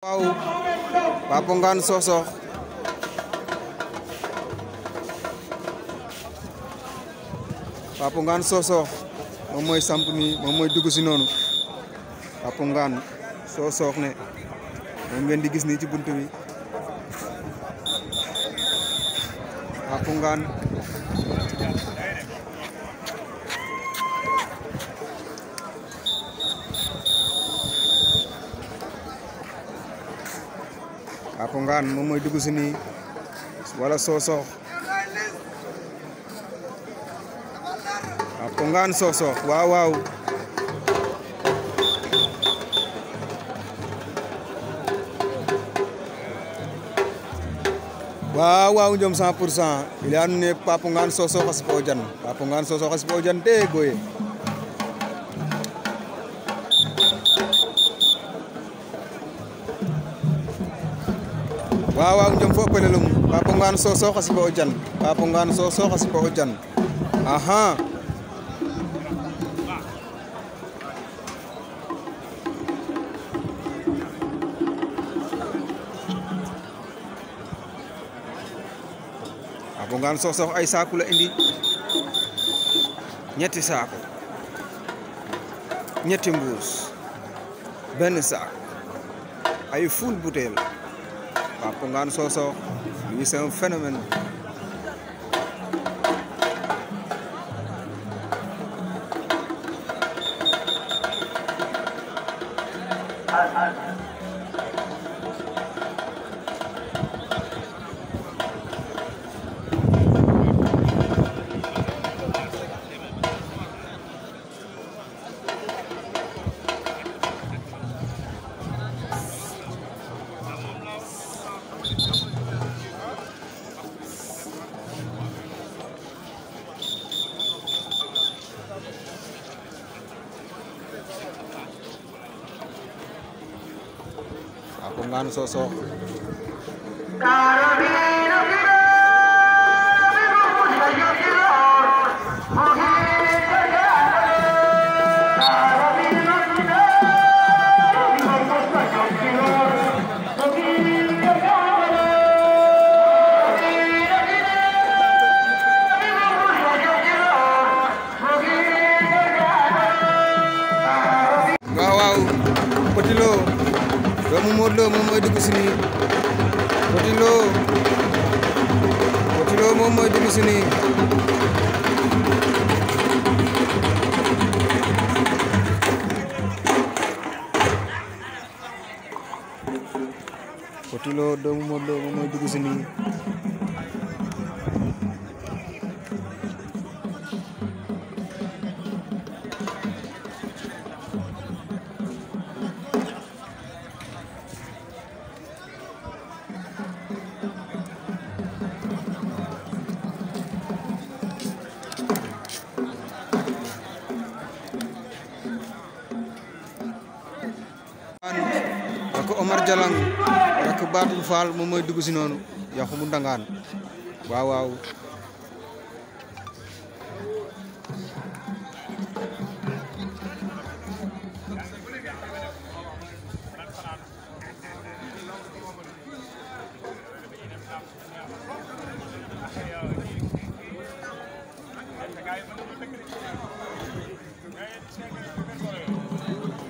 Wow, papungkan sosok. Papungkan sosok. memuai sampuni, memuai dugu sinonu. Papungan sosok ne memuai digis ni cipun tuwi. Papa Ngane mo mooy dugg si nii wala soso Papa Ngane Wow waaw waaw waaw waaw njom 100 pour cent papungan est kaspojan Papa Ngane Sosokh a sipa Papa goye waaw waaw jom fo pele lum papa ngan so so xasi ba ojan papa so so xasi ba ojan aha papa ngan so so ay sakula la indi ñetti saku ñetti mbuus Benisa. ay full bouteille Papungan Soso, isso é um fenômeno. ai, ai. Ako sosok. Wow, wow, pedilo. doomu Modou Lo moom mooy dugg si nii Petit Lo Petit Lo moom doomu Modou Lo moom mooy nii ko Omar Jalang rakk Baatu fal mo moy dugg ci nonu ya mu ndangan waaw waaw Thank you.